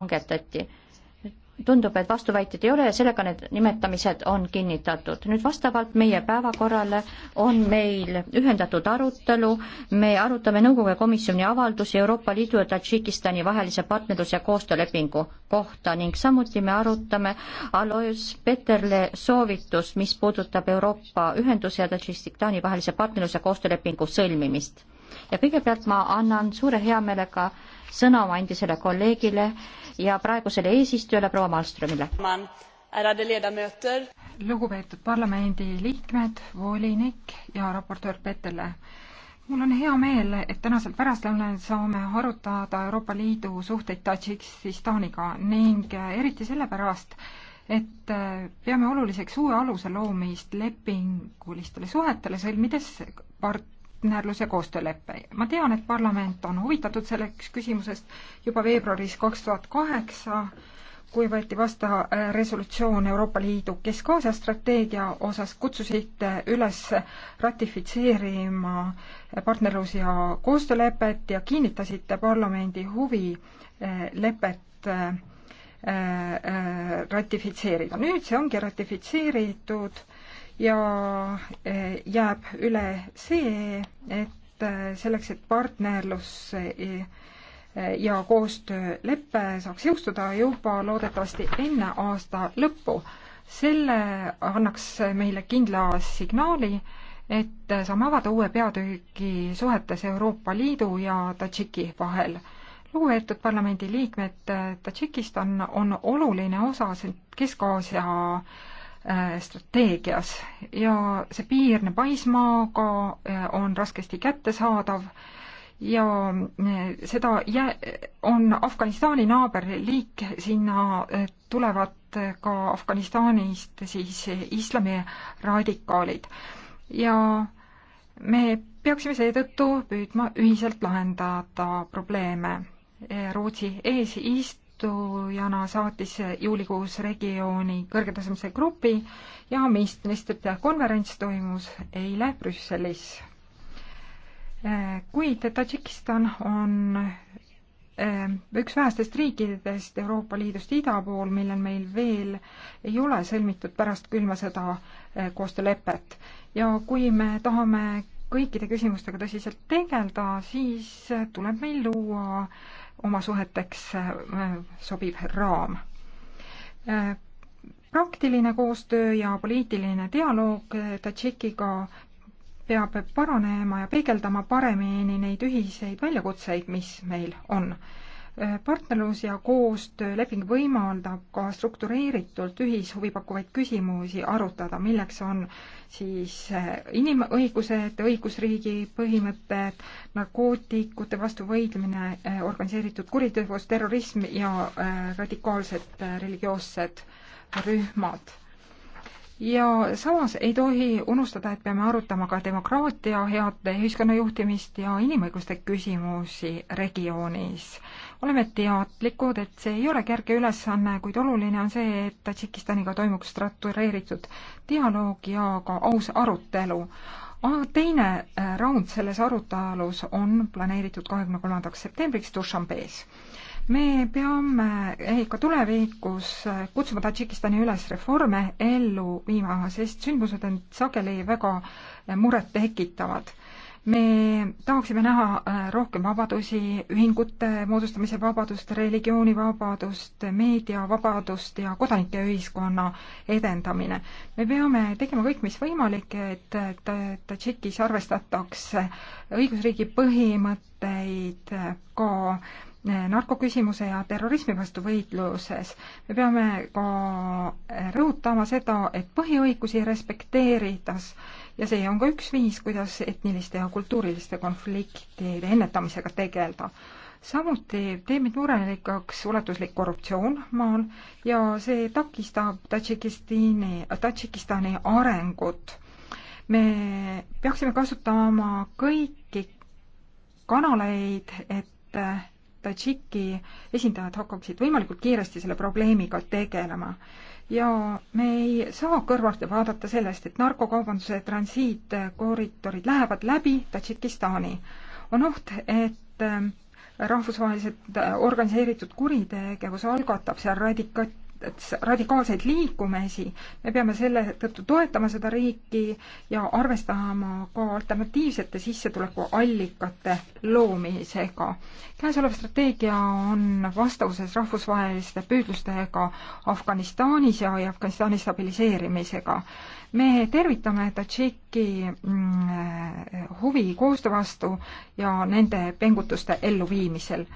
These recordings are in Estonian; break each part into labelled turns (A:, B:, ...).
A: langetati. tundub, et vastuväiteid ei ole ja sellega need nimetamised on kinnitatud. nüüd vastavalt meie päevakorrale on meil ühendatud arutelu, me arutame Nõukogu komisjoni avaldusi Euroopa Liidu ja Tadžikistani vahelise partnerlus- ja koostöölepingu kohta ning samuti me arutame Alois Peterle soovitust, mis puudutab Euroopa Ühenduse ja Tadžikistani vahelise partnerlus- ja koostöölepingu sõlmimist. ja kõigepealt ma annan suure heameelega sõna oma endisele kolleegile, ja praegusele eesistujale proua Malmströmile.
B: lugupeetud parlamendi liikmed, volinik ja raportöör Petele mul on hea meel, et tänasel pärastlõunal saame arutada Euroopa Liidu suhteid Tadžikistaniga ning eriti sellepärast, et peame oluliseks uue aluse loomist lepingulistele suhetele, sõlmides part-, partnerluse koostööleppe. ma tean, et parlament on huvitatud selleks küsimusest juba veebruaris kaks tuhat kaheksa, kui võeti vastu äh, resolutsioon Euroopa Liidu Kesk-Aasia strateegia osas, kutsusid üles ratifitseerima partnerlus- ja koostöölepet ja kinnitasite parlamendi huvi äh, lepet äh, ratifitseerida. nüüd see ongi ratifitseeritud ja eh, jääb üle see, et eh, selleks, et partnerlus eh, ja koostöölepe saaks jõustuda juba loodetavasti enne aasta lõppu. selle annaks meile kindla signaali, et saame avada uue peatüki suhetes Euroopa Liidu ja Tadžiki vahel. lugupeetud parlamendiliikmed, Tadžikistan on oluline osa Kesk-Aasia Äh, strateegias ja see piirne paismaaga äh, on raskesti kättesaadav ja äh, seda jä-, on Afganistani naaberliik, sinna tulevad ka Afganistanist siis islami radikaalid. ja me peaksime seetõttu püüdma ühiselt lahendada probleeme. Rootsi eesist-, eesistujana saatis juulikuus regiooni kõrgetasemise grupi ja ministrite konverents toimus eile Brüsselis. kuid Tadžikistan on eh, üks vähestest riikidest Euroopa Liidust ida pool, millel meil veel ei ole sõlmitud pärast külma sõda eh, koostöölepet. ja kui me tahame kõikide küsimustega tõsiselt tegeleda, siis tuleb meil luua äh, oma suheteks äh, sobiv raam. Äh, praktiline koostöö ja poliitiline dialoog äh, Tadžikiga peab paranema ja peegeldama paremini neid ühiseid väljakutseid, mis meil on Äh, partnerlus ja koostööleping võimaldab ka struktureeritult ühishuvi pakkuvaid küsimusi arutada, milleks on siis äh, inimõigused, õigusriigi põhimõtted, narkootikute vastu võidlemine, äh, organiseeritud kuritegevus, terrorism ja radikaalsed religioossed rühmad ja samas ei tohi unustada, et peame arutama ka demokraatia, head ühiskonnajuhtimist ja inimõiguste küsimusi regioonis. oleme teadlikud, et see ei ole kerge ülesanne, kuid oluline on see, et Tadžikistaniga toimuks struktureeritud dialoog ja ka aus arutelu. aga teine äh, raund selles arutelus on planeeritud kahekümne kolmandaks septembriks Dušanbees me peame eh, ka tulevikus eh, kutsuma Tadžikistani üles reforme ellu viima, sest sündmused on sageli väga eh, murettekitavad. me tahaksime näha rohkem vabadusi, ühingute moodustamise vabadust, religioonivabadust, meediavabadust ja kodanike ühiskonna edendamine. me peame tegema kõik, mis võimalik, et Tadžikis arvestataks õigusriigi põhimõtteid ka narkoküsimuse ja terrorismi vastu võitluses. me peame ka rõhutama seda, et põhiõigusi respekteerides ja see on ka üks viis, kuidas etniliste ja kultuuriliste konfliktide ennetamisega tegeleda samuti teeb meid murelikuks ulatuslik korruptsioon maal ja see takistab Tadžikistani, Tadžikistani arengut. me peaksime kasutama kõiki kanaleid, et Tadžiki esindajad hakkaksid võimalikult kiiresti selle probleemiga tegelema. ja me ei saa kõrvalt vaadata sellest, et narkokaubanduse transiitkoridorid lähevad läbi Tadžikistani. on oht, et äh, rahvusvaheliselt äh, organiseeritud kuritegevus algatab seal radika-, radikaalseid liikumisi, me peame selle tõttu toetama seda riiki ja arvestama ka alternatiivsete sissetulekuallikate loomisega. käesolev strateegia on vastavuses rahvusvaheliste püüdlustega Afganistanis ja, ja Afganistani stabiliseerimisega. me tervitame Tadžiki mm, huvi koostöö vastu ja nende pingutuste elluviimisel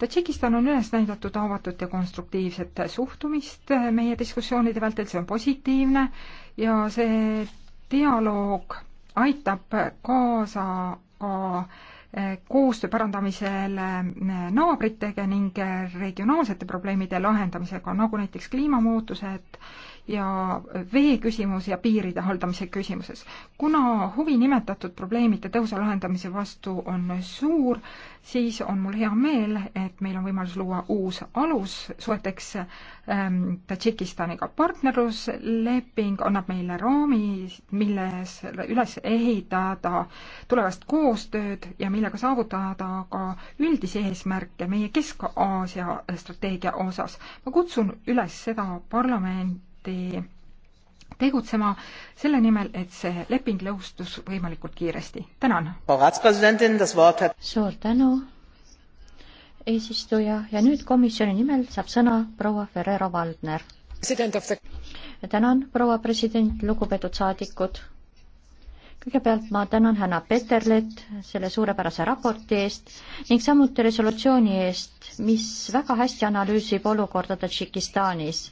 B: Tadžikistan on üles näidatud avatud ja konstruktiivset suhtumist meie diskussioonide vältel, see on positiivne ja see dialoog aitab kaasa ka koostöö parandamisele naabritega ning regionaalsete probleemide lahendamisega, nagu näiteks kliimamuutused ja veeküsimus ja piiride haldamise küsimuses. kuna huvi nimetatud probleemide tõusa lahendamise vastu on suur, siis on mul hea meel, et meil on võimalus luua uus alus suheteks ähm, Tadžikistaniga. partnerlusleping annab meile raami, milles üles ehitada tulevast koostööd ja mille millega saavutada ka üldisi eesmärke meie Kesk-Aasia strateegia osas. ma kutsun üles seda parlamenti tegutsema selle nimel, et see leping lõustus võimalikult kiiresti. tänan! suur tänu, eesistuja, ja nüüd komisjoni nimel saab
A: sõna proua Ferrero Valdner. tänan, proua president, lugupeetud saadikud kõigepealt ma tänan Hanna Peterlet selle suurepärase raporti eest ning samuti resolutsiooni eest, mis väga hästi analüüsib olukorda Tadžikistanis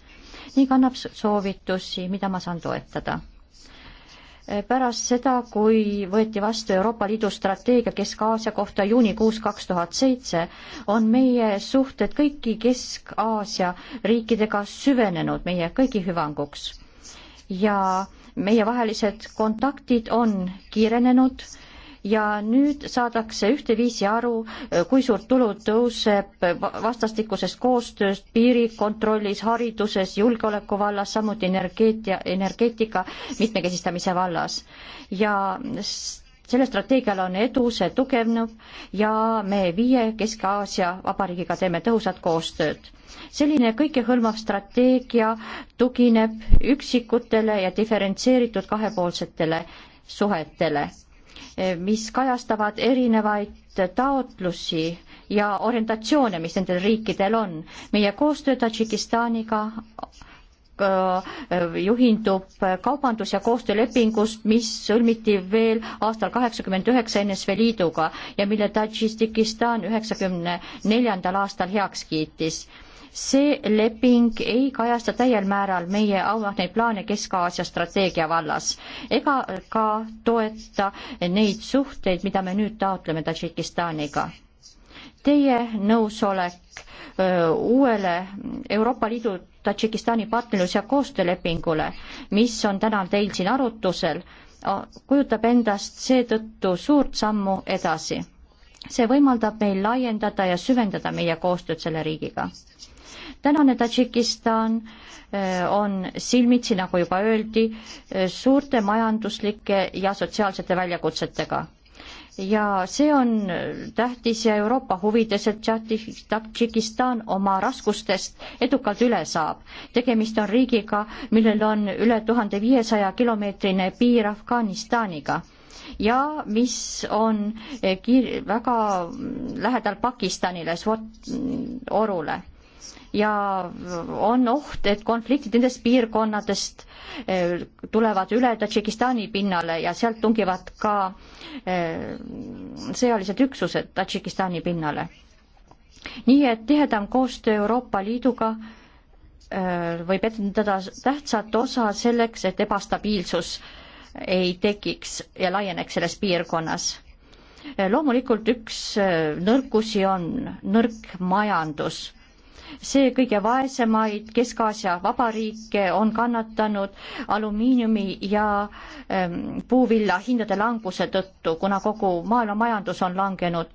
A: ning annab soovitusi, mida ma saan toetada. pärast seda, kui võeti vastu Euroopa Liidu strateegia Kesk-Aasia kohta juunikuus kaks tuhat seitse, on meie suhted kõiki Kesk-Aasia riikidega süvenenud meie kõigi hüvanguks ja meievahelised kontaktid on kiirenenud ja nüüd saadakse ühteviisi aru, kui suurt tulu tõuseb vastastikusest koostööst piirikontrollis, hariduses, julgeoleku vallas, samuti energeetia, energeetika mitmekesistamise vallas. ja sellel strateegial on edu, see tugevneb ja me viie Kesk-Aasia vabariigiga teeme tõhusat koostööd. selline kõikehõlmav strateegia tugineb üksikutele ja diferentseeritud kahepoolsetele suhetele, mis kajastavad erinevaid taotlusi ja orientatsioone, mis nendel riikidel on. meie koostöö Tadžikistaniga Äh, juhindub kaubandus- ja koostöölepingust, mis sõlmiti veel aastal kaheksakümmend üheksa NSV Liiduga ja mille Tadžistikistan üheksakümne neljandal aastal heaks kiitis see leping ei kajasta täiel määral meie auahneid plaane Kesk-Aasia strateegia vallas ega ka toeta neid suhteid, mida me nüüd taotleme Tadžikistaniga. Teie nõusolek öö, uuele Euroopa Liidu Tadžikistani partnerlus- ja koostöölepingule, mis on täna teil siin arutusel, kujutab endast seetõttu suurt sammu edasi. see võimaldab meil laiendada ja süvendada meie koostööd selle riigiga. tänane Tadžikistan e, on silmitsi, nagu juba öeldi, e, suurte majanduslike ja sotsiaalsete väljakutsetega ja see on tähtis ja Euroopa huvides, et Tadžikistan oma raskustest edukalt üle saab. tegemist on riigiga, millel on üle tuhande viiesaja kilomeetrine piir Afganistaniga ja mis on eh, kiir-, väga lähedal Pakistanile, Swat orule ja on oht, et konfliktid nendest piirkonnadest eh, tulevad üle Tadžikistani pinnale ja sealt tungivad ka eh, sõjalised üksused Tadžikistani pinnale. nii et tihedam koostöö Euroopa Liiduga eh, võib etendada tähtsat osa selleks, et ebastabiilsus ei tekiks ja laieneks selles piirkonnas. loomulikult üks nõrkusi on nõrk majandus see kõige vaesemaid Kesk-Aasia vabariike on kannatanud alumiiniumi ja ähm, puuvilla hindade languse tõttu, kuna kogu maailma majandus on langenud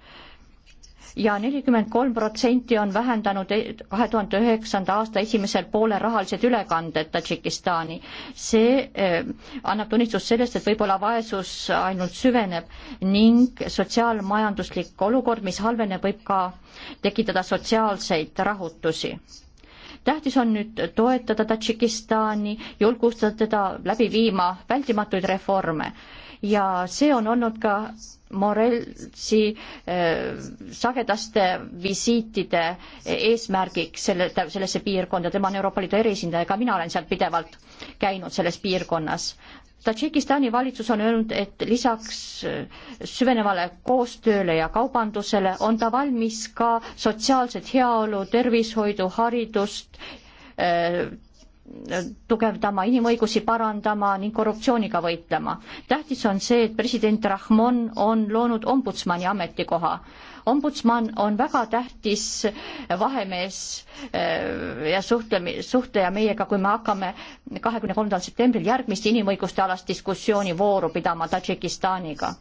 A: ja nelikümmend kolm protsenti on vähendanud e-, kahe tuhande üheksanda aasta esimesel poolel rahalised ülekanded Tadžikistani. see eh, annab tunnistust sellest, et võib-olla vaesus ainult süveneb ning sotsiaalmajanduslik olukord, mis halveneb, võib ka tekitada sotsiaalseid rahutusi tähtis on nüüd toetada Tadžikistani, julgustada teda läbi viima vältimatuid reforme ja see on olnud ka Morelsi äh, sagedaste visiitide eesmärgiks selle, sellesse piirkonda, tema on Euroopa Liidu eriesindaja, ka mina olen seal pidevalt käinud selles piirkonnas. Tadžikistani valitsus on öelnud, et lisaks äh, süvenevale koostööle ja kaubandusele on ta valmis ka sotsiaalset heaolu, tervishoidu, haridust äh, tugevdama, inimõigusi parandama ning korruptsiooniga võitlema. tähtis on see, et president Rahmon on loonud ombudsmani ametikoha. ombudsman on väga tähtis vahemees eh, ja suhtle, suhtleja meiega, kui me hakkame kahekümne kolmandal septembril järgmist inimõiguste alast diskussiooni vooru pidama Tadžikistaniga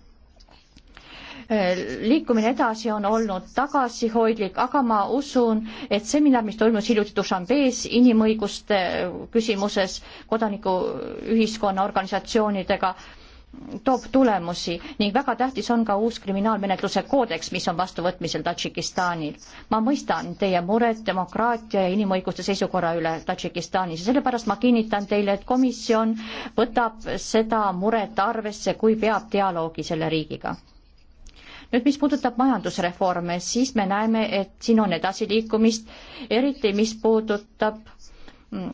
A: Äh, liikumine edasi on olnud tagasihoidlik, aga ma usun, et seminar, mis toimus hiljuti Dušanbees inimõiguste küsimuses kodanikuühiskonna organisatsioonidega, toob tulemusi ning väga tähtis on ka uus kriminaalmenetluse koodeks, mis on vastuvõtmisel Tadžikistanil. ma mõistan teie muret demokraatia ja inimõiguste seisukorra üle Tadžikistanis ja sellepärast ma kinnitan teile, et komisjon võtab seda muret arvesse, kui peab dialoogi selle riigiga nüüd, mis puudutab majandusreforme, siis me näeme, et siin on edasiliikumist, eriti mis puudutab mm,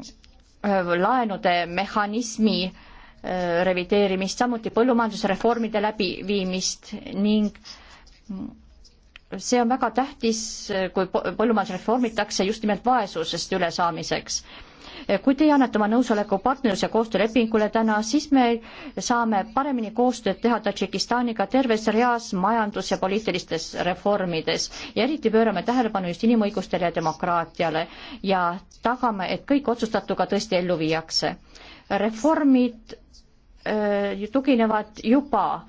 A: äh, laenude mehhanismi äh, revideerimist, samuti põllumajandusreformide läbiviimist ning mm, see on väga tähtis, äh, kui põllumajandus reformitakse just nimelt vaesusest ülesaamiseks kui teie annate oma nõusoleku partnerlus- ja koostöölepingule täna, siis me saame paremini koostööd teha Tadžikistaniga terves reas majandus- ja poliitilistes reformides ja eriti pöörame tähelepanu just inimõigustele ja demokraatiale ja tagame, et kõik otsustatu ka tõesti ellu viiakse. reformid öö, äh, tuginevad juba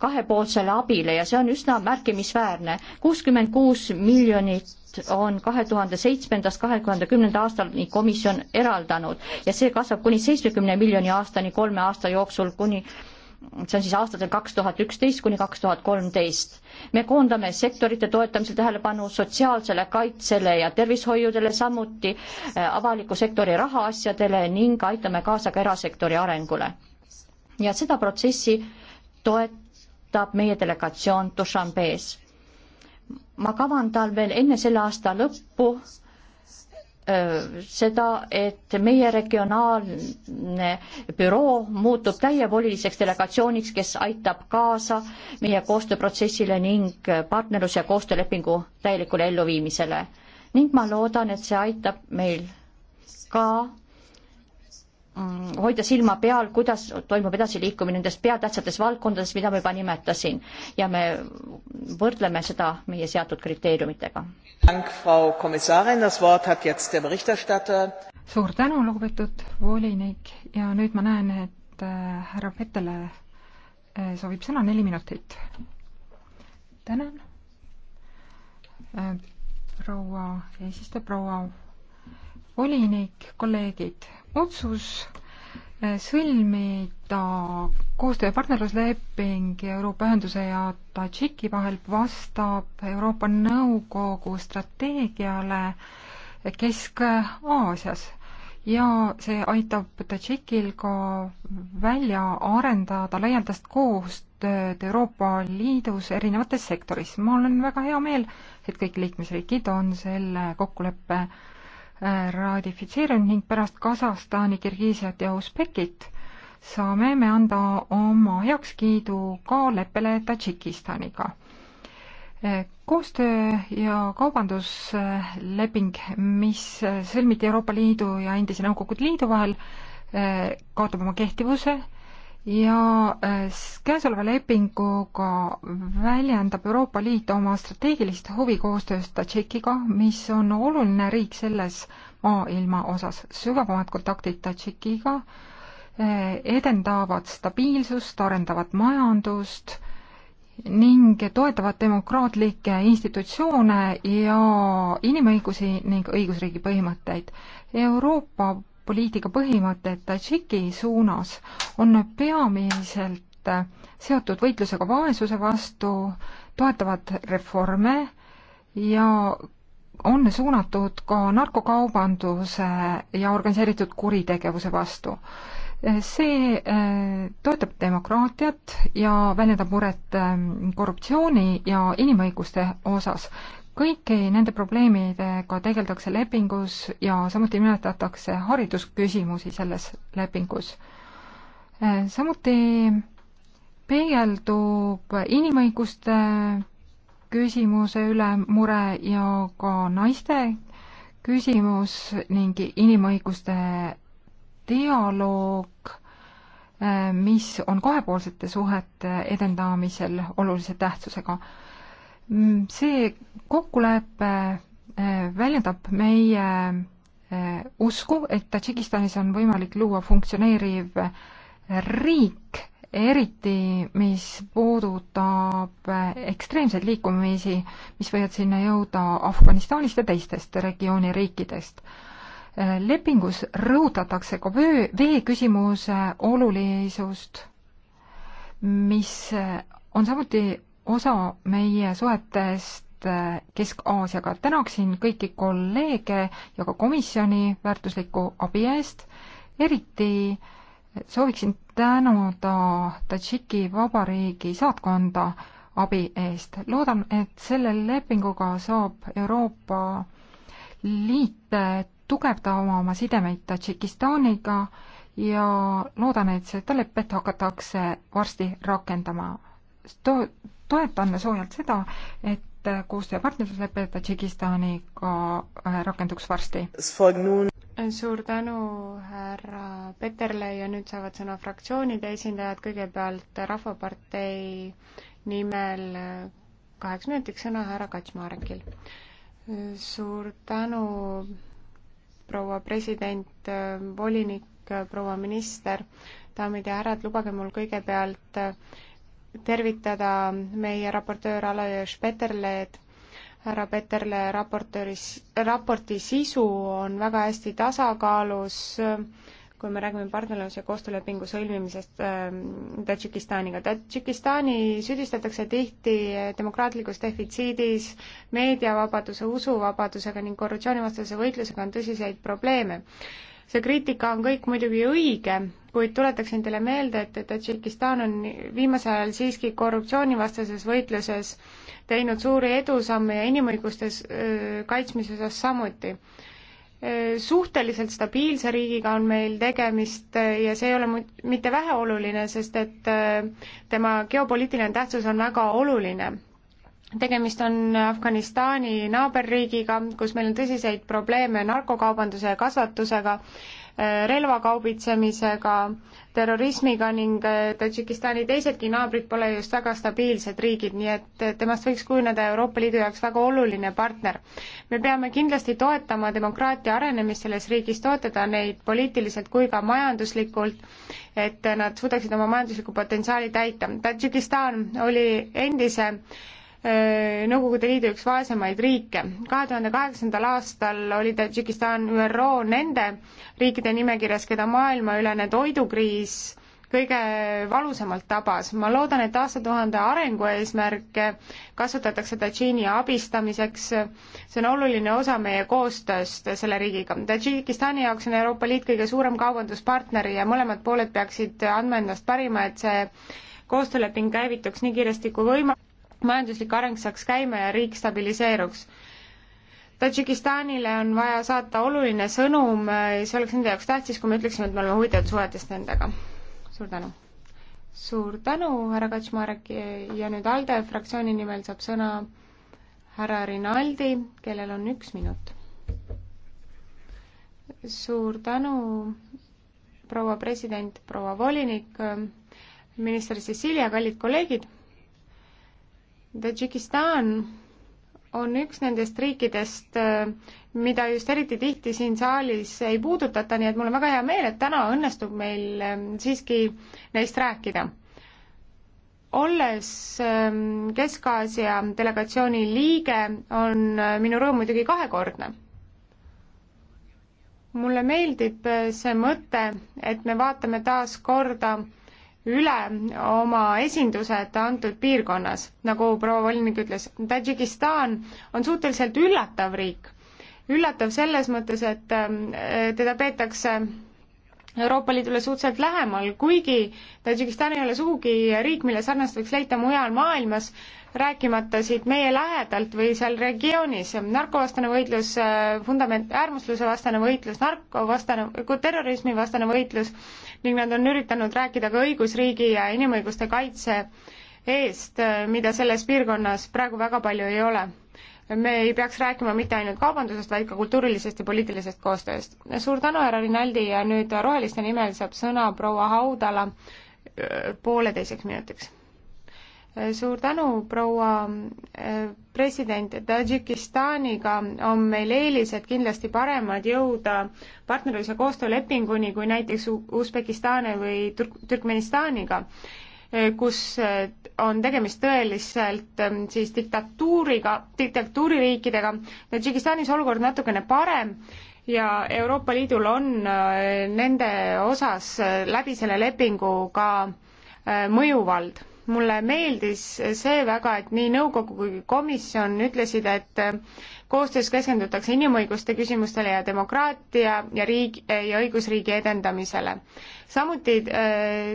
A: kahepoolsele abile ja see on üsna märkimisväärne. kuuskümmend kuus miljonit on kahe tuhande seitsmendast kahe tuhande kümnenda aastani komisjon eraldanud ja see kasvab kuni seitsmekümne miljoni aastani kolme aasta jooksul, kuni see on siis aastatel kaks tuhat üksteist kuni kaks tuhat kolmteist. me koondame sektorite toetamisel tähelepanu sotsiaalsele kaitsele ja tervishoiudele, samuti äh, avaliku sektori rahaasjadele ning aitame kaasa ka erasektori arengule. ja seda protsessi äh, toetab meie delegatsioon Dushanbe's. ma kavandan veel enne selle aasta lõppu seda, et meie regionaalne büroo muutub täievoliliseks delegatsiooniks, kes aitab kaasa meie koostööprotsessile ning partnerlus- ja koostöölepingu täielikule elluviimisele. ning ma loodan, et see aitab meil ka Mm, hoida silma peal, kuidas toimub edasiliikumine nendes peatähtsates valdkondades, mida ma juba nimetasin ja me
B: võrdleme seda meie seatud kriteeriumitega. suur tänu, lugupeetud volinik ja nüüd ma näen, et äh, härra Petele äh, soovib sõna neli minutit. tänan. Äh, proua eesistuja, proua volinik, kolleegid otsus eh, sõlmida koostöö- ja partnerlusleping Euroopa Ühenduse ja Tadžiki vahel vastab Euroopa Nõukogu strateegiale Kesk-Aasias ja see aitab Tadžikil ka välja arendada laialdast koostööd Euroopa Liidus erinevates sektoris. mul on väga hea meel, et kõik liikmesriigid on selle kokkuleppe Äh, ratifitseerinud ning pärast Kasahstani, Kirgiisiat ja Usbekit saame me anda oma heakskiidu ka leppele Tadžikistaniga. Äh, koostöö ja kaubandusleping, mis sõlmiti Euroopa Liidu ja endise Nõukogude Liidu vahel, äh, kaotab oma kehtivuse ja äh, käesoleva lepinguga väljendab Euroopa Liit oma strateegilist huvi koostöös Tadžikiga, mis on oluline riik selles maailma osas. sügavamad kontaktid Tadžikiga äh, edendavad stabiilsust, arendavad majandust ning toetavad demokraatlikke institutsioone ja inimõigusi ning õigusriigi põhimõtteid. Euroopa poliitika põhimõtted Tadžiki suunas on peamiselt seotud võitlusega vaesuse vastu, toetavad reforme ja on suunatud ka narkokaubanduse ja organiseeritud kuritegevuse vastu. see äh, toetab demokraatiat ja väljendab muret äh, korruptsiooni ja inimõiguste osas kõiki nende probleemidega tegeldakse lepingus ja samuti nimetatakse haridusküsimusi selles lepingus. samuti peegeldub inimõiguste küsimuse üle mure ja ka naiste küsimus ning inimõiguste dialoog, mis on kahepoolsete suhete edendamisel olulise tähtsusega Mm, see kokkulepe äh, väljendab meie äh, usku, et Tadžikistanis on võimalik luua funktsioneeriv riik, eriti mis puudutab äh, ekstreemseid liikumisi, mis võivad sinna jõuda Afganistanist ja teistest regiooni riikidest. lepingus rõhutatakse ka vöö, vee küsimuse olulisust, mis on samuti osa meie suhetest äh, Kesk-Aasiaga. tänaksin kõiki kolleege ja ka komisjoni väärtusliku abi eest, eriti sooviksin tänada Tadžiki Vabariigi saatkonda abi eest. loodan, et selle lepinguga saab Euroopa Liit tugevdama oma sidemeid Tadžikistaniga ja loodan, et seda lepet hakatakse varsti rakendama toetan soojalt seda, et koostöö partnerluslepe Tadžikistaniga äh, rakenduks varsti.
C: suur tänu, härra Peterle ja nüüd saavad sõna fraktsioonide esindajad, kõigepealt Rahvapartei nimel kaheks minutiks sõna härra Kaczmarekil. suur tänu, proua president, volinik, proua minister, daamid ja härrad, lubage mul kõigepealt tervitada meie raportöör Alajõe Peterleed. härra Peterle raportööri, raporti sisu on väga hästi tasakaalus, kui me räägime partnerluse koostöölepingu sõlmimisest ähm, Tadžikistaniga. Tadžikistani süüdistatakse tihti demokraatlikus defitsiidis, meediavabaduse, usuvabadusega ning korruptsioonivastase võitlusega on tõsiseid probleeme see kriitika on kõik muidugi õige, kuid tuletaksin teile meelde, et, et Tadžikistan on viimasel ajal siiski korruptsioonivastases võitluses teinud suuri edusamme ja inimõiguste kaitsmise osas samuti. Suhteliselt stabiilse riigiga on meil tegemist ja see ei ole mitte väheoluline, sest et tema geopoliitiline tähtsus on väga oluline tegemist on Afganistani naaberriigiga, kus meil on tõsiseid probleeme narkokaubanduse ja kasvatusega, äh, relvakaubitsemisega, terrorismiga ning äh, Tadžikistani teisedki naabrid pole just väga stabiilsed riigid, nii et temast võiks kujuneda Euroopa Liidu jaoks väga oluline partner. me peame kindlasti toetama demokraatia arenemist selles riigis, toetada neid poliitiliselt kui ka majanduslikult, et nad suudaksid oma majanduslikku potentsiaali täita. Tadžikistan oli endise Äh, Nõukogude Liidu üks vaesemaid riike. kahe tuhande kaheksandal aastal oli Tadžikistan ÜRO nende riikide nimekirjas, keda maailmaülene toidukriis kõige valusamalt tabas. ma loodan, et aastatuhande arengueesmärke kasutatakse Tadžiini abistamiseks. see on oluline osa meie koostööst selle riigiga. Tadžikistani jaoks on Euroopa Liit kõige suurem kaubanduspartner ja mõlemad pooled peaksid andma endast parima, et see koostööleping käivituks nii kiiresti kui võima- majanduslik areng saaks käima ja riik stabiliseeruks. Tadžikistanile on vaja saata oluline sõnum, see oleks nende jaoks tähtis, kui me ütleksime, et me oleme huvitatud suhetest nendega. suur tänu! suur tänu, härra Kaczmarek ja nüüd ALDE fraktsiooni nimel saab sõna härra Rinaldi, kellel on üks minut. suur tänu, proua president, proua volinik, minister Cecilia, kallid kolleegid Tadžikistan on üks nendest riikidest, äh, mida just eriti tihti siin saalis ei puudutata, nii et mul on väga hea meel, et täna õnnestub meil äh, siiski neist rääkida. olles ähm, Kesk-Aasia delegatsiooni liige, on äh, minu rõõm muidugi kahekordne. mulle meeldib see mõte, et me vaatame taas korda üle oma esindused antud piirkonnas, nagu proua volinik ütles. Tadžikistan on suhteliselt üllatav riik. üllatav selles mõttes, et ähm, teda peetakse Euroopa Liidule suhteliselt lähemal, kuigi Tadžikistan ei ole sugugi riik, mille sarnast võiks leida mujal maailmas, rääkimata siit meie lähedalt või seal regioonis, narkovastane võitlus, vundament, äh, äärmusluse vastane võitlus, narkovastane, terrorismi vastane võitlus ning nad on üritanud rääkida ka õigusriigi ja inimõiguste kaitse eest, äh, mida selles piirkonnas praegu väga palju ei ole. me ei peaks rääkima mitte ainult kaubandusest, vaid ka kultuurilisest ja poliitilisest koostööst. suur tänu, härra Rinaldi ja nüüd Roheliste nimel saab sõna proua Haudala äh, pooleteiseks minutiks suur tänu, proua eh, president, Tadžikistaniga on meil eelised kindlasti paremad jõuda partnerlus- ja koostöölepinguni kui näiteks Usbekistani või Türk-, Türkmenistaniga, eh, kus eh, on tegemist tõeliselt siis diktatuuriga, diktatuuririikidega, Tadžikistanis olukord natukene parem, ja Euroopa Liidul on nende osas läbi selle lepingu ka mõjuvald mulle meeldis see väga, et nii nõukogu kui komisjon ütlesid, et äh, koostöös keskendutakse inimõiguste küsimustele ja demokraatia ja riigi äh, ja õigusriigi edendamisele. samuti äh,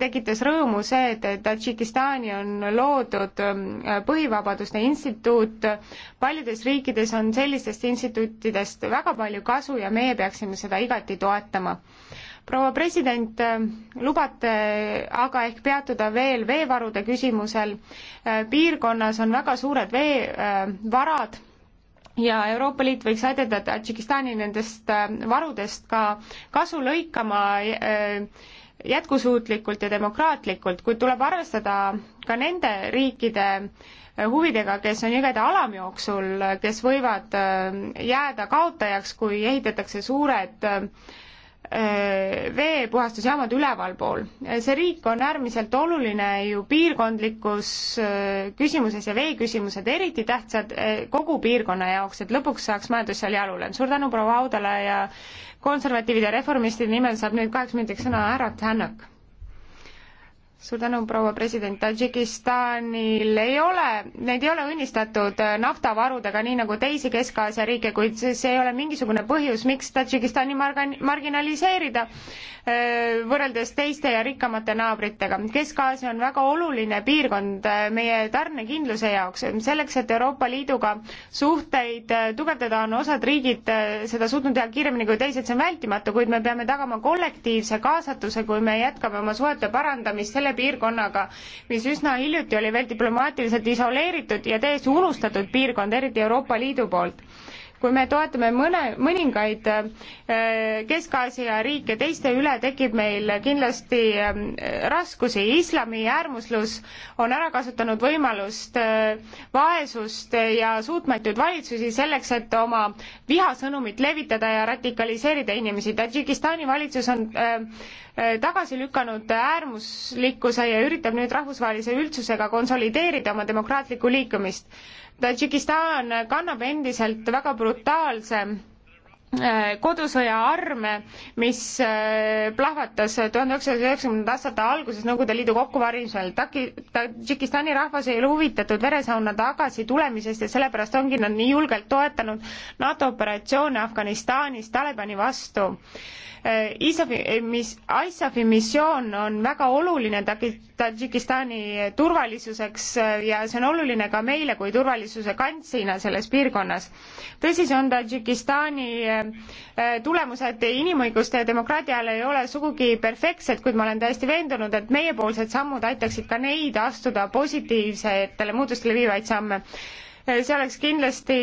C: tekitas rõõmu see, et Tadžikistani on loodud ähm, põhivabaduste instituut, paljudes riikides on sellistest instituutidest väga palju kasu ja meie peaksime seda igati toetama proua president, äh, lubate aga ehk peatuda veel veevarude küsimusel. Äh, piirkonnas on väga suured veevarad äh, ja Euroopa Liit võiks aidata Tadžikistani nendest varudest ka kasu lõikama jätkusuutlikult ja demokraatlikult, kuid tuleb arvestada ka nende riikide huvidega, kes on jõgede alamjooksul, kes võivad jääda kaotajaks, kui ehitatakse suured äh, Äh, veepuhastusjaamad ülevalpool. Äh, see riik on äärmiselt oluline ju piirkondlikus äh, küsimuses ja veeküsimused eriti tähtsad kogu piirkonna jaoks, et lõpuks saaks majandus seal jalule. suur tänu proua Audale ja konservatiivide reformistide nimel saab nüüd kaheks minutiks sõna härra Tänak suur tänu, proua president, Tadžikistanil ei ole, neid ei ole õnnistatud naftavarudega, nii nagu teisi Kesk-Aasia riike, kuid see ei ole mingisugune põhjus, miks Tadžikistani margan-, marginaliseerida võrreldes teiste ja rikkamate naabritega. Kesk-Aasia on väga oluline piirkond meie tarnekindluse jaoks. selleks, et Euroopa Liiduga suhteid tugevdada, on osad riigid seda suutnud teha kiiremini kui teised, see on vältimatu, kuid me peame tagama kollektiivse kaasatuse, kui me jätkame oma suhete parandamist selle selle piirkonnaga, mis üsna hiljuti oli veel diplomaatiliselt isoleeritud ja täiesti unustatud piirkond, eriti Euroopa Liidu poolt kui me toetame mõne, mõningaid äh, Kesk-Aasia riike teiste üle, tekib meil kindlasti ähm, raskusi. islami äärmuslus on ära kasutanud võimalust, äh, vaesust ja suutmatuid valitsusi selleks, et oma vihasõnumit levitada ja radikaliseerida inimesi. Tadžikistani valitsus on äh, tagasi lükanud äärmuslikkuse ja üritab nüüd rahvusvahelise üldsusega konsolideerida oma demokraatlikku liikumist Tadžikistan kannab endiselt väga brutaalse äh, kodusõja arme, mis äh, plahvatas tuhande üheksasaja üheksakümnendate aastate alguses Nõukogude Liidu kokkuvarisemisel. Taki-, Tadžikistani rahvas ei ole huvitatud veresauna tagasi tulemisest ja sellepärast ongi nad nii julgelt toetanud NATO operatsioone Afganistanis Talibani vastu ISAF-i, mis, ISAF-i missioon on väga oluline Tadžikistani turvalisuseks äh, ja see on oluline ka meile kui turvalisuse kantsina selles piirkonnas. tõsi, see on Tadžikistani äh, tulemused inimõiguste ja demokraatiale ei ole sugugi perfektsed, kuid ma olen täiesti veendunud, et meiepoolsed sammud aitaksid ka neid astuda positiivsetele muutustele viivaid samme. Äh, see oleks kindlasti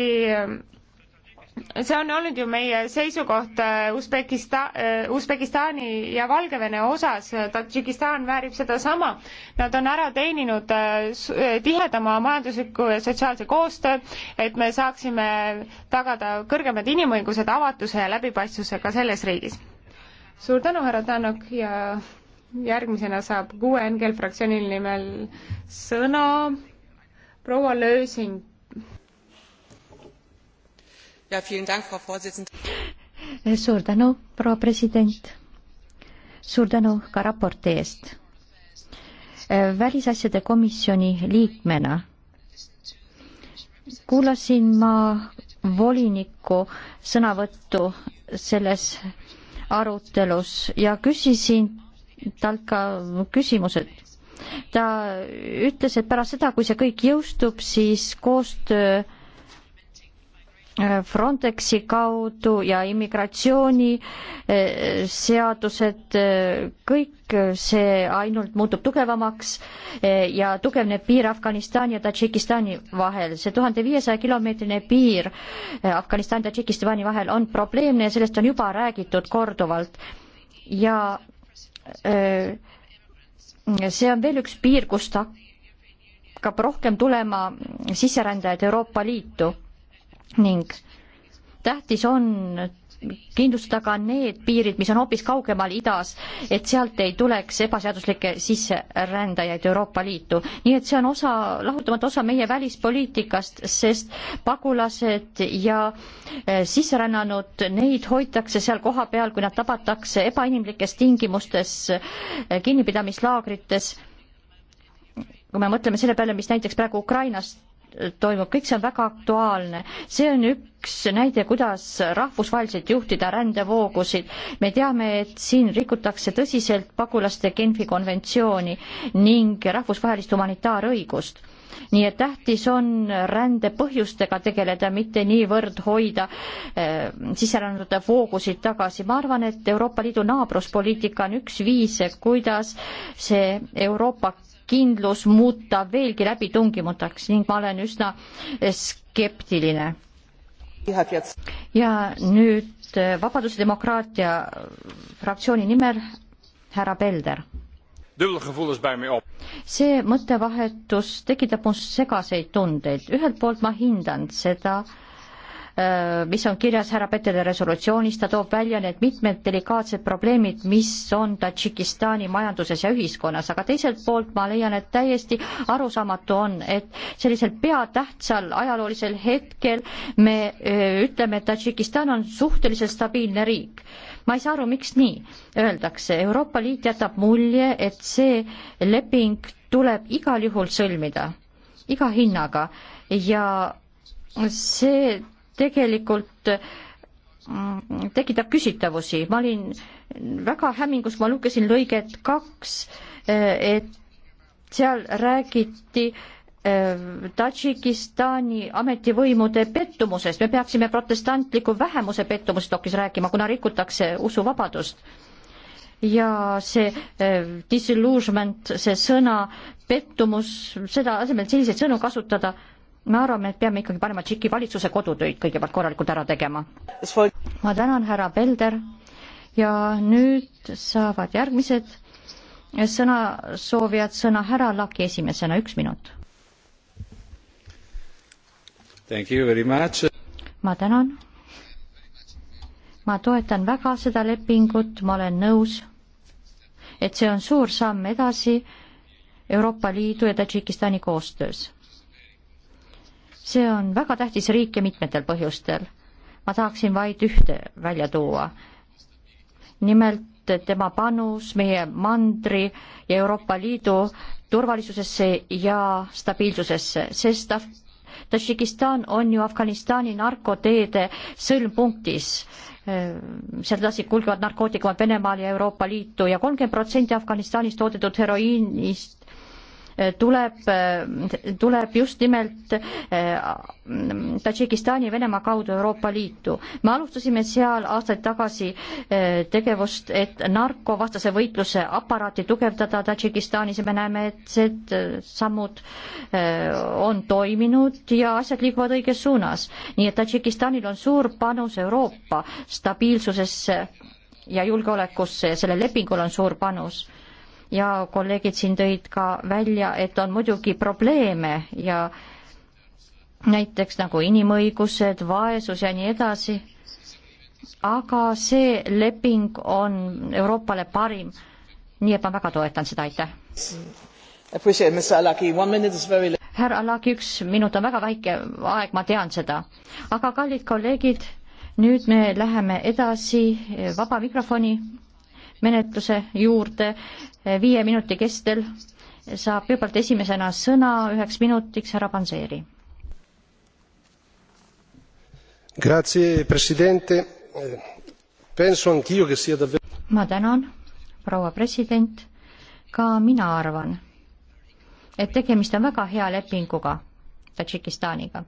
C: see on olnud ju meie seisukoht äh, Usbekista-, äh, Usbekistani ja Valgevene osas, Tadžikistan väärib sedasama. Nad on ära teeninud äh, tihedama majandusliku ja sotsiaalse koostöö, et me saaksime tagada kõrgemad inimõigused, avatuse ja läbipaistvuse ka selles riigis. suur tänu, härra Tanok ja järgmisena saab QNGL fraktsiooni nimel sõna proua Lösing
A: suur tänu, proua president. suur tänu ka raporti eest. välisasjade komisjoni liikmena kuulasin ma voliniku sõnavõttu selles arutelus ja küsisin talt ka küsimused. ta ütles, et pärast seda, kui see kõik jõustub, siis koostöö Äh, Frontexi kaudu ja immigratsiooniseadused, äh, äh, kõik see ainult muutub tugevamaks ja tugevneb piir Afganistani ja Tadžikistani vahel. see tuhande viiesaja kilomeetrine piir Afganistani ja Tadžikistani vahel on probleemne ja sellest on juba räägitud korduvalt. ja see on veel üks piir, kust hakkab rohkem tulema sisserändajaid Euroopa Liitu ning tähtis on kindlustada ka need piirid, mis on hoopis kaugemal idas, et sealt ei tuleks ebaseaduslikke sisserändajaid Euroopa Liitu. nii et see on osa, lahutamatu osa meie välispoliitikast, sest pagulased ja eh, sisserännanud, neid hoitakse seal kohapeal, kui nad tabatakse ebainimlikes tingimustes eh, kinnipidamislaagrites kui me mõtleme selle peale, mis näiteks praegu Ukrainas toimub, kõik see on väga aktuaalne. see on üks näide, kuidas rahvusvaheliselt juhtida rändevoogusid. me teame, et siin rikutakse tõsiselt pagulaste Genfi konventsiooni ning rahvusvahelist humanitaarõigust nii et tähtis on rände põhjustega tegeleda, mitte niivõrd hoida eh, sisserännute voogusid tagasi. ma arvan, et Euroopa Liidu naabruspoliitika on üks viise, kuidas see Euroopa kindlus muuta veelgi läbitungimataks ning ma olen üsna skeptiline. ja nüüd eh, Vabaduse demokraatia fraktsiooni nimel härra Pelder. see mõttevahetus tekitab must segaseid tundeid, ühelt poolt ma hindan seda, Äh, mis on kirjas härra Petele resolutsioonis, ta toob välja need mitmed delikaatsed probleemid, mis on Tadžikistani majanduses ja ühiskonnas, aga teiselt poolt ma leian, et täiesti arusaamatu on, et sellisel peatähtsal ajaloolisel hetkel me äh, ütleme, et Tadžikistan on suhteliselt stabiilne riik. ma ei saa aru, miks nii öeldakse, Euroopa Liit jätab mulje, et see leping tuleb igal juhul sõlmida, iga hinnaga ja see tegelikult mm, tekitab küsitavusi. ma olin väga hämmingus, ma lugesin lõiget kaks, eh, et seal räägiti eh, Tadžikistani ametivõimude pettumusest, me peaksime protestantliku vähemuse pettumusest hoopis rääkima, kuna rikutakse usuvabadust. ja see eh, disillusionment, see sõna pettumus, seda asemel selliseid sõnu kasutada me arvame, et peame ikkagi panema Tšiki valitsuse kodutöid kõigepealt korralikult ära tegema. ma tänan, härra Pelder ja nüüd saavad järgmised sõnasoovijad sõna härra Laki esimesena, üks minut. ma tänan. ma toetan väga seda lepingut, ma olen nõus, et see on suur samm edasi Euroopa Liidu ja Tadžikistani koostöös see on väga tähtis riik ja mitmetel põhjustel. ma tahaksin vaid ühte välja tuua. nimelt tema panus meie mandri ja Euroopa Liidu turvalisusesse ja stabiilsusesse, sest Af Tadžikistan on ju Afganistani narkoteede sõlmpunktis. Äh, sealt edasi kulgevad narkootikumid Venemaal ja Euroopa Liitu ja kolmkümmend protsenti Afganistanis toodetud heroiinist tuleb, tuleb just nimelt äh, Tadžikistani ja Venemaa kaudu Euroopa Liitu. me alustasime seal aastaid tagasi äh, tegevust, et narkovastase võitluse aparaati tugevdada Tadžikistanis ja me näeme, et need äh, sammud on toiminud ja asjad liiguvad õiges suunas. nii et Tadžikistanil on suur panus Euroopa stabiilsusesse ja julgeolekusse ja sellel lepingul on suur panus ja kolleegid siin tõid ka välja, et on muidugi probleeme ja näiteks nagu inimõigused, vaesus ja nii edasi, aga see leping on Euroopale parim. nii et ma väga toetan seda, aitäh. härra Alagi, üks minut on väga väike aeg, ma tean seda. aga kallid kolleegid, nüüd me läheme edasi vaba mikrofoni menetluse juurde viie minuti kestel saab kõigepealt esimesena sõna üheks minutiks härra Panseri. ma tänan, proua president, ka mina arvan, et tegemist on väga hea lepinguga Tadžikistaniga.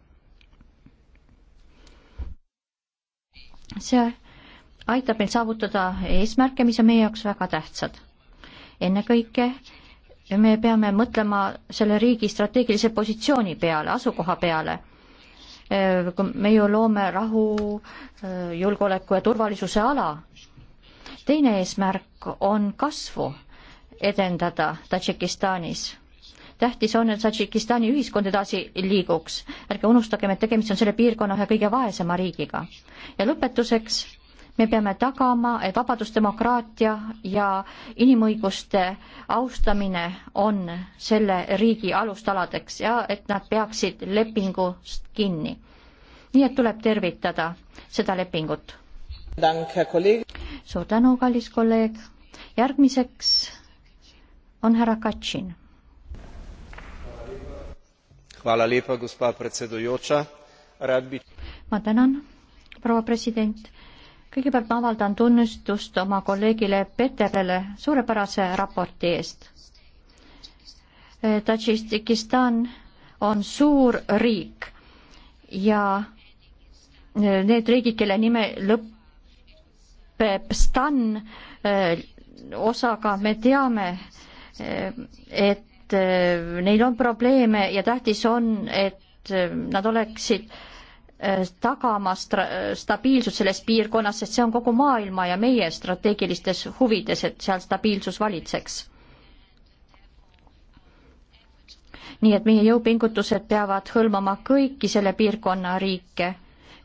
A: see aitab meil saavutada eesmärke, mis on meie jaoks väga tähtsad. ennekõike me peame mõtlema selle riigi strateegilise positsiooni peale, asukoha peale. Äh, me ju loome rahu, äh, julgeoleku ja turvalisuse ala. teine eesmärk on kasvu edendada Tadžikistanis tähtis on, et Tadžikistani ühiskond edasi liiguks. ärge unustagem, et tegemist on selle piirkonna ühe kõige vaesema riigiga. ja lõpetuseks me peame tagama, et vabadus, demokraatia ja inimõiguste austamine on selle riigi alustaladeks ja et nad peaksid lepingust kinni. nii et tuleb tervitada seda lepingut. suur tänu, kallis kolleeg. järgmiseks on härra Katšin. ma tänan, proua president kõigepealt ma avaldan tunnustust oma kolleegile Peterele suurepärase raporti eest. Tadžikistan on suur riik ja need riigid, kelle nime lõpeb Stan eh, osaga, me teame, eh, et eh, neil on probleeme ja tähtis on, et nad oleksid Äh, tagama stra-, stabiilsust selles piirkonnas, sest see on kogu maailma ja meie strateegilistes huvides, et seal stabiilsus valitseks. nii et meie jõupingutused peavad hõlmama kõiki selle piirkonna riike,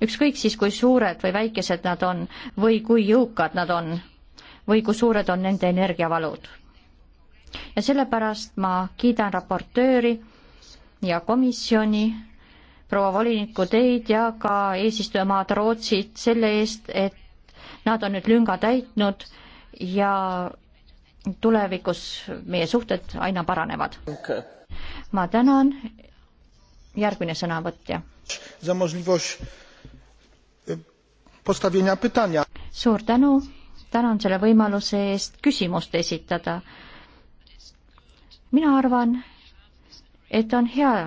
A: ükskõik siis, kui suured või väikesed nad on või kui jõukad nad on või kui suured on nende energiavalud. ja sellepärast ma kiidan raportööri ja komisjoni proua volinikku teid ja ka eesistujamaad Rootsit selle eest, et nad on nüüd lünga täitnud ja tulevikus meie suhted aina paranevad okay.. ma tänan, järgmine sõnavõtja. suur tänu, tänan selle võimaluse eest küsimust esitada. mina arvan, et on hea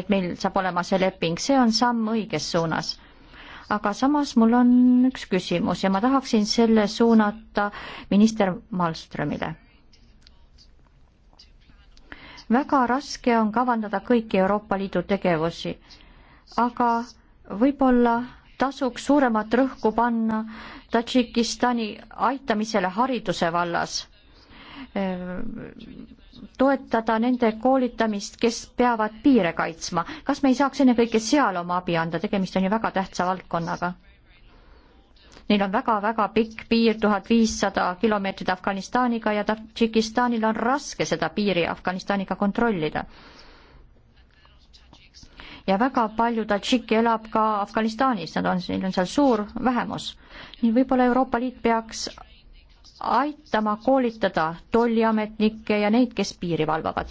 A: et meil saab olema see leping, see on samm õiges suunas. aga samas mul on üks küsimus ja ma tahaksin selle suunata minister Malmströmile. väga raske on kavandada kõiki Euroopa Liidu tegevusi, aga võib-olla tasuks suuremat rõhku panna Tadžikistani aitamisele hariduse vallas toetada nende koolitamist, kes peavad piire kaitsma. kas me ei saaks ennekõike seal oma abi anda, tegemist on ju väga tähtsa valdkonnaga? Neil on väga-väga pikk piir, tuhat viissada kilomeetrit Afganistaniga ja Tadžikistanil on raske seda piiri Afganistaniga kontrollida. ja väga palju tadžiki elab ka Afganistanis, nad on, neil on seal suur vähemus. nii võib-olla Euroopa Liit peaks aitama koolitada tolliametnikke ja neid, kes piiri valvavad.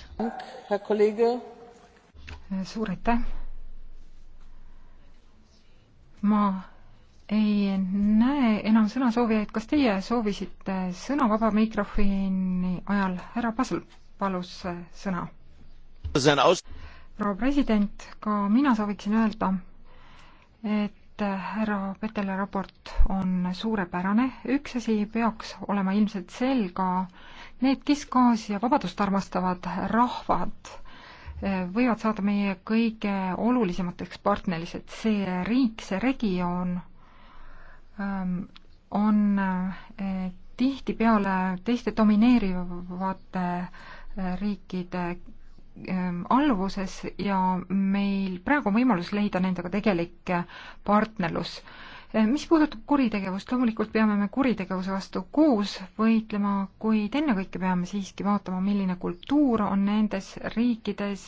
A: suur aitäh.
B: ma ei näe enam sõnasoovijaid, kas teie soovisite sõna vaba mikrofoni ajal? härra Pasl palus sõna. proua president, ka mina sooviksin öelda, et et härra Petele raport on suurepärane. üks asi peaks olema ilmselt selga. Need, kes gaasi ja vabadust armastavad rahvad, võivad saada meie kõige olulisemateks partnerised. see riik, see regioon ähm, on äh, tihtipeale teiste domineerivate äh, riikide Ähm, alluvuses ja meil praegu on võimalus leida nendega tegelik äh, partnerlus. Äh, mis puudutab kuritegevust, loomulikult peame me kuritegevuse vastu koos võitlema, kuid ennekõike peame siiski vaatama, milline kultuur on nendes riikides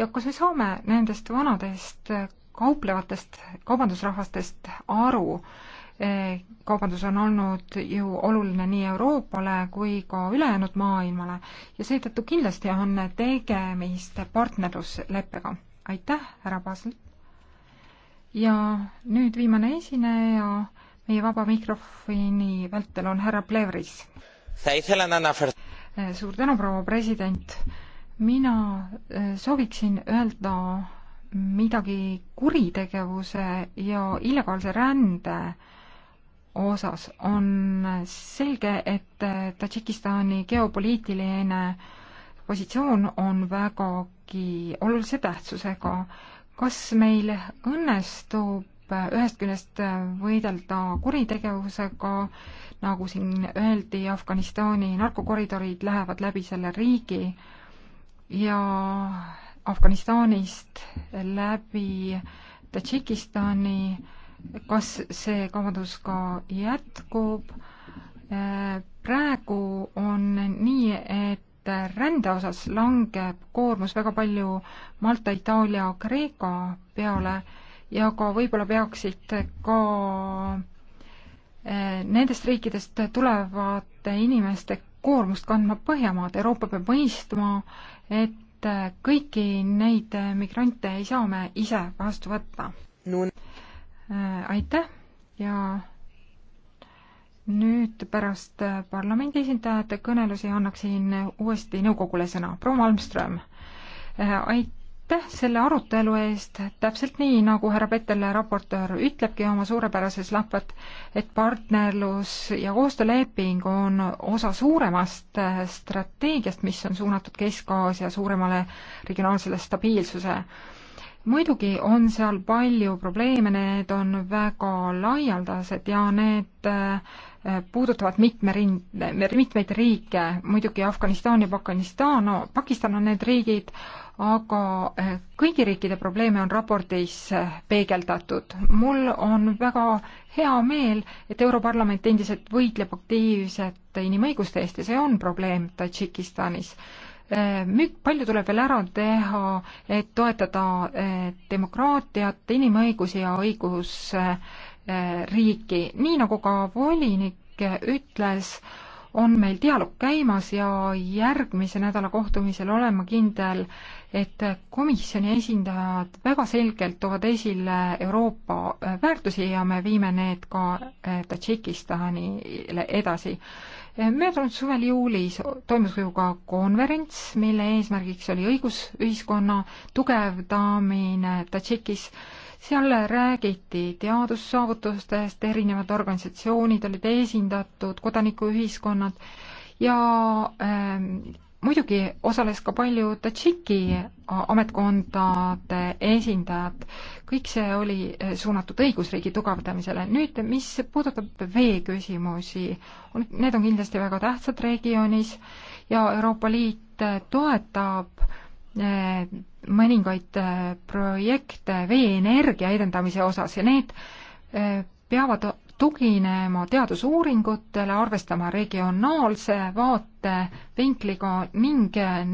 B: ja kas me saame nendest vanadest äh, kauplevatest kaubandusrahvastest aru äh, kaubandus on olnud ju oluline nii Euroopale kui ka ülejäänud maailmale ja seetõttu kindlasti on tegemist partnerlusleppega. aitäh, härra Pasl! ja nüüd viimane esineja meie vaba mikrofoni vältel on härra Plevris. suur tänu, proua president! mina äh, sooviksin öelda midagi kuritegevuse ja illegaalse rände osas on selge, et Tadžikistani geopoliitiline positsioon on vägagi olulise tähtsusega. kas meil õnnestub ühest küljest võidelda kuritegevusega, nagu siin öeldi, Afganistani narkokoridorid lähevad läbi selle riigi ja Afganistanist läbi Tadžikistani kas see kavandus ka jätkub? praegu on nii, et rände osas langeb koormus väga palju Malta, Itaalia, Kreeka peale ja ka võib-olla peaksid ka eh, nendest riikidest tulevate inimeste koormust kandma Põhjamaad, Euroopa peab mõistma, et kõiki neid migrante ei saa me ise vastu võtta no.. Äh, aitäh ja nüüd pärast äh, parlamendi esindajate kõnelusi annaksin uuesti nõukogule sõna. proua Malmström, äh, aitäh selle arutelu eest, täpselt nii, nagu härra Pettele raportöör ütlebki oma suurepärases lapet, et partnerlus ja koostööleping on osa suuremast strateegiast, mis on suunatud Kesk-Aasia suuremale regionaalsele stabiilsuse muidugi on seal palju probleeme, need on väga laialdased ja need äh, puudutavad mitme rind-, mitmeid riike, muidugi Afganistan ja Pakistan no,, Pakistan on need riigid, aga äh, kõigi riikide probleeme on raportis äh, peegeldatud. mul on väga hea meel, et Europarlament endiselt võitleb aktiivselt inimõiguste eest ja see on probleem Tadžikistanis Äh, palju tuleb veel ära teha, et toetada äh, demokraatiat, inimõigusi ja õigusriiki. nii nagu ka volinik ütles, on meil dialoog käimas ja järgmise nädala kohtumisel olen ma kindel, et komisjoni esindajad väga selgelt toovad esile Euroopa äh, väärtusi ja me viime need ka äh, Tadžikistanile edasi. Äh, möödunud suvel juulis toimus ju ka konverents, mille eesmärgiks oli õigusühiskonna tugevdamine Tadžikis seal räägiti teadussaavutustest, erinevad organisatsioonid olid esindatud, kodanikuühiskonnad ja ähm, muidugi osales ka palju Tadžiki ametkondade esindajad, kõik see oli eh, suunatud õigusriigi tugevdamisele. nüüd, mis puudutab veeküsimusi, need on kindlasti väga tähtsad regioonis ja Euroopa Liit eh, toetab eh, mõningaid projekte veeenergia edendamise osas ja need peavad tuginema teadusuuringutele, arvestama regionaalse vaatevinkliga ning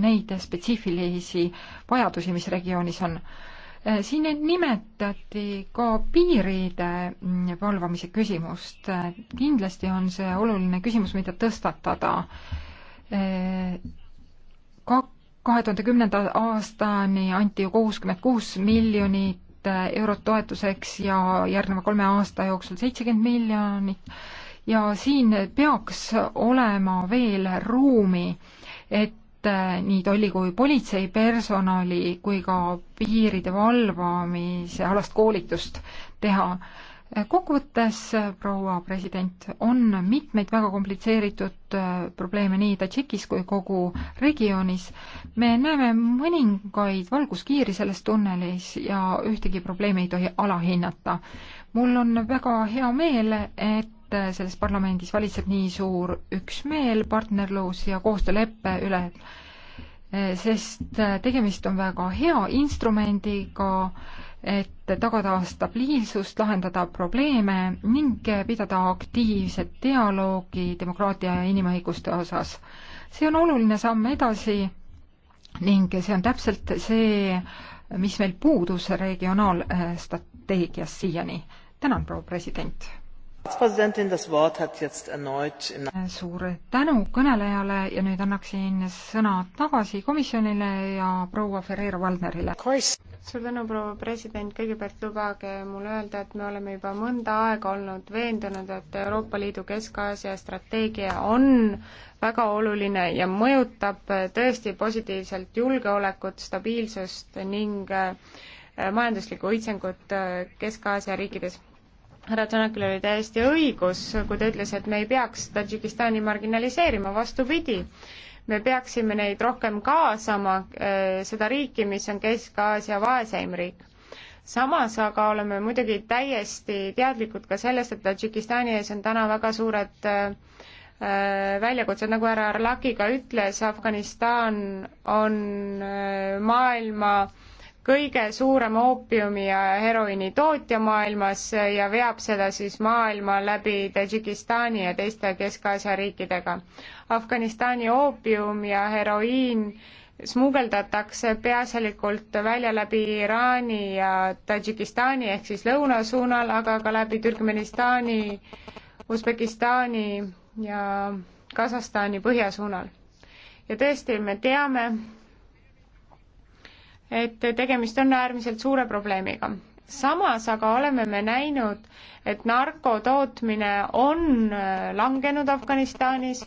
B: neid spetsiifilisi vajadusi, mis regioonis on. siin nimetati ka piiride valvamise küsimust. kindlasti on see oluline küsimus, mida tõstatada. Ka kahe tuhande kümnenda aastani anti ju kuuskümmend kuus miljonit miljonit äh, eurot toetuseks ja järgneva kolme aasta jooksul seitsekümmend miljonit ja siin peaks olema veel ruumi, et et äh, nii tolli kui politsei personali kui ka piiride valvamise alast koolitust teha. kokkuvõttes, äh, proua president, on mitmeid väga komplitseeritud äh, probleeme nii Tadžikis kui kogu regioonis. me näeme mõningaid valguskiiri selles tunnelis ja ühtegi probleemi ei tohi alahinnata. mul on väga hea meel, et et äh, selles parlamendis valitseb nii suur üksmeel partnerlus ja koostööleppe üle, äh, sest äh, tegemist on väga hea instrumendiga, et tagada stabiilsust, lahendada probleeme ning pidada aktiivset dialoogi demokraatia ja inimõiguste osas. see on oluline samm edasi ning see on täpselt see, mis meil puudus regionaalstrateegias siiani. tänan, proua president! Äh, suur tänu kõnelejale ja nüüd annaksin sõna tagasi komisjonile ja proua Ferreira Valdnerile. suur tänu,
C: proua president, kõigepealt lubage mul öelda, et me oleme juba mõnda aega olnud veendunud, et Euroopa Liidu Kesk-Aasia strateegia on väga oluline ja mõjutab tõesti positiivselt julgeolekut, stabiilsust ning äh, majanduslikku õitsengut äh, Kesk-Aasia riikides härra Tšanakil oli täiesti õigus, kui ta ütles, et me ei peaks Tadžikistani marginaliseerima, vastupidi, me peaksime neid rohkem kaasama, eh, seda riiki, mis on Kesk-Aasia vaeseim riik. samas aga oleme muidugi täiesti teadlikud ka sellest, et Tadžikistani ees on täna väga suured eh, eh, väljakutsed, nagu härra Arlaki ka ütles, Afganistan on maailma äh, kõige suurem oopiumi ja heroiini tootja maailmas ja veab seda siis maailma läbi Tadžikistani ja teiste Kesk-Aasia riikidega. Afganistani oopium ja heroiin smugeldatakse peaasjalikult välja läbi Iraani ja Tadžikistani ehk siis lõuna suunal, aga ka läbi Türkmenistani, Usbekistani ja Kasahstani põhja suunal. ja tõesti, me teame, et tegemist on äärmiselt suure probleemiga. samas aga oleme me näinud, et narkotootmine on äh, langenud Afganistanis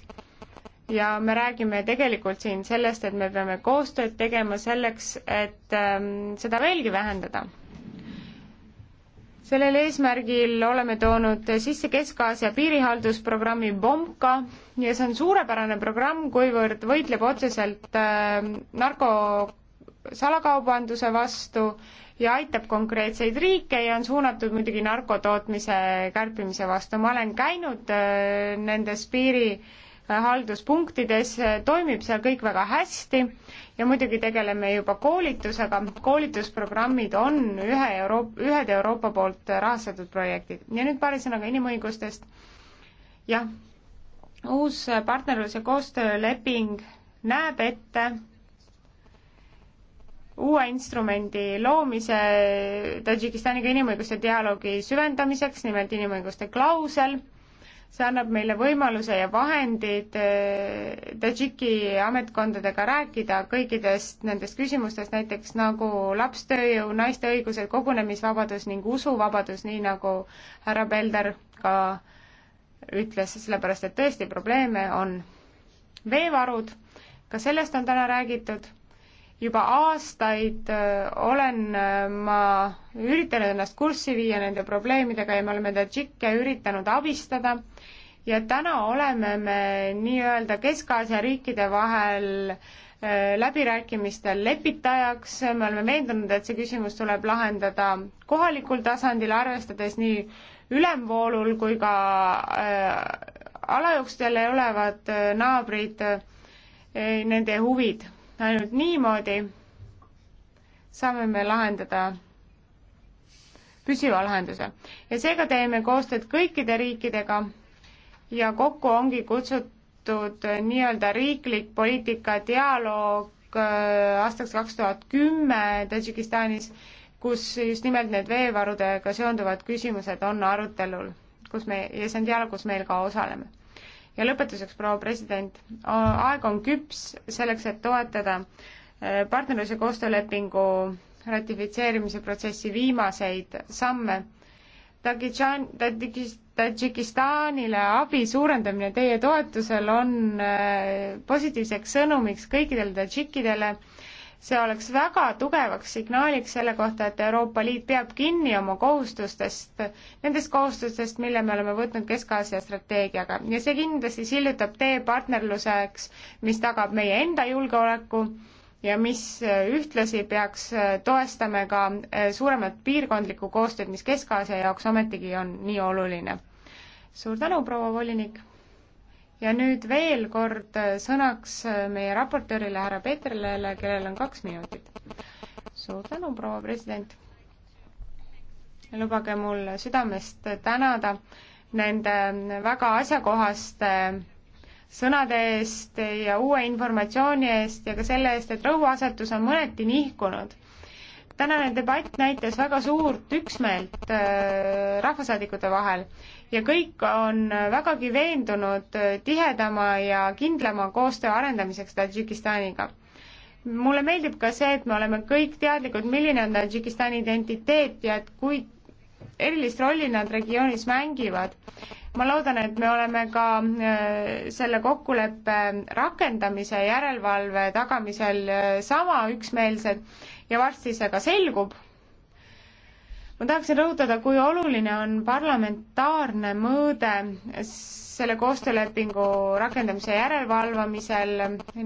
C: ja me räägime tegelikult siin sellest, et me peame koostööd tegema selleks, et ähm, seda veelgi vähendada sellel eesmärgil oleme toonud sisse Kesk-Aasia piirihaldusprogrammi BOMKA ja see on suurepärane programm, kuivõrd võitleb otseselt äh, narko salakaubanduse vastu ja aitab konkreetseid riike ja on suunatud muidugi narkotootmise kärpimise vastu. ma olen käinud äh, nendes piiri halduspunktides, äh, toimib seal kõik väga hästi ja muidugi tegeleme juba koolitusega, koolitusprogrammid on ühe Euroop-, ühed Euroopa poolt rahastatud projektid. ja nüüd paari sõnaga inimõigustest. jah, uus partnerluse koostööleping näeb ette uue instrumendi loomise Tadžikistaniga inimõiguste dialoogi süvendamiseks, nimelt inimõiguste klausel. see annab meile võimaluse ja vahendid äh, Tadžiki ametkondadega rääkida kõikidest nendest küsimustest, näiteks nagu lapstööjõu, naiste õigused, kogunemisvabadus ning usuvabadus, nii nagu härra Pelder ka ütles, sellepärast et tõesti probleeme on. veevarud, ka sellest on täna räägitud juba aastaid äh, olen äh, ma üritanud ennast kurssi viia nende probleemidega ja me oleme tadžikke üritanud abistada ja täna oleme me nii-öelda Kesk-Aasia riikide vahel äh, läbirääkimistel lepitajaks, me oleme veendunud, et see küsimus tuleb lahendada kohalikul tasandil, arvestades nii ülemvoolul kui ka äh, alajooksjatel olevad naabrid äh,, nende huvid ainult niimoodi saame me lahendada püsiva lahenduse. ja seega teeme koostööd kõikide riikidega ja kokku ongi kutsutud nii-öelda riiklik poliitikadialoog äh, aastaks kaks tuhat kümme Tadžikistanis, kus just nimelt need veevarudega seonduvad küsimused on arutelul, kus me, ja see on dialoog, kus meil ka osaleme ja lõpetuseks, proua president, aeg on küps selleks, et toetada e, partnerluse koostöölepingu ratifitseerimise protsessi viimaseid samme. Tadžan-, Tadžikistanile abi suurendamine teie toetusel on e, positiivseks sõnumiks kõikidele tadžikidele see oleks väga tugevaks signaaliks selle kohta, et Euroopa Liit peab kinni oma kohustustest, nendest kohustustest, mille me oleme võtnud Kesk-Aasia strateegiaga ja see kindlasti sillutab tee partnerluseks, mis tagab meie enda julgeoleku ja mis ühtlasi peaks toestama ka eh, suuremat piirkondlikku koostööd, mis Kesk-Aasia jaoks ometigi on nii oluline. suur tänu, proua volinik! ja nüüd veel kord äh, sõnaks äh, meie raportöörile härra Peeterlele, kellel on kaks minutit. suur tänu, proua president. lubage mul südamest tänada nende väga asjakohaste sõnade eest ja uue informatsiooni eest ja ka selle eest, et rõhuasetus on mõneti nihkunud tänane debatt näitas väga suurt üksmeelt äh, rahvasaadikute vahel ja kõik on vägagi veendunud tihedama ja kindlama koostöö arendamiseks Tadžikistaniga. mulle meeldib ka see, et me oleme kõik teadlikud, milline on Tadžikistani identiteet ja et kui erilist rolli nad regioonis mängivad. ma loodan, et me oleme ka äh, selle kokkuleppe rakendamise järelevalve tagamisel äh, sama üksmeelsed ja varsti see ka selgub, ma tahaksin rõhutada, kui oluline on parlamentaarne mõõde selle koostöölepingu rakendamise järelevalvamisel.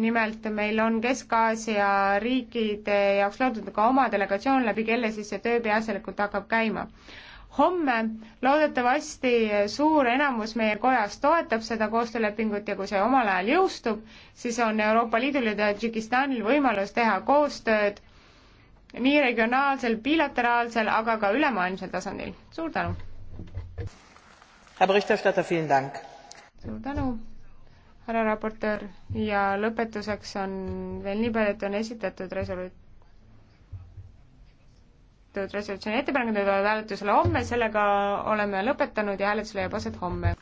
C: nimelt meil on Kesk-Aasia riikide jaoks loodud ka oma delegatsioon, läbi kelle siis see töö peaasjalikult hakkab käima. homme loodetavasti suur enamus meie kojas toetab seda koostöölepingut ja kui see omal ajal jõustub, siis on Euroopa Liidul ja Tadžikistanil võimalus teha koostööd nii regionaalsel, bilateraalsel, aga ka ülemaailmsel tasandil. suur tänu! suur tänu, härra raportöör ja lõpetuseks on veel nii palju, et on esitatud resolu-, resolutsiooni ettepanekud võivad hääletusele homme, sellega oleme lõpetanud ja hääletus leiab aset homme.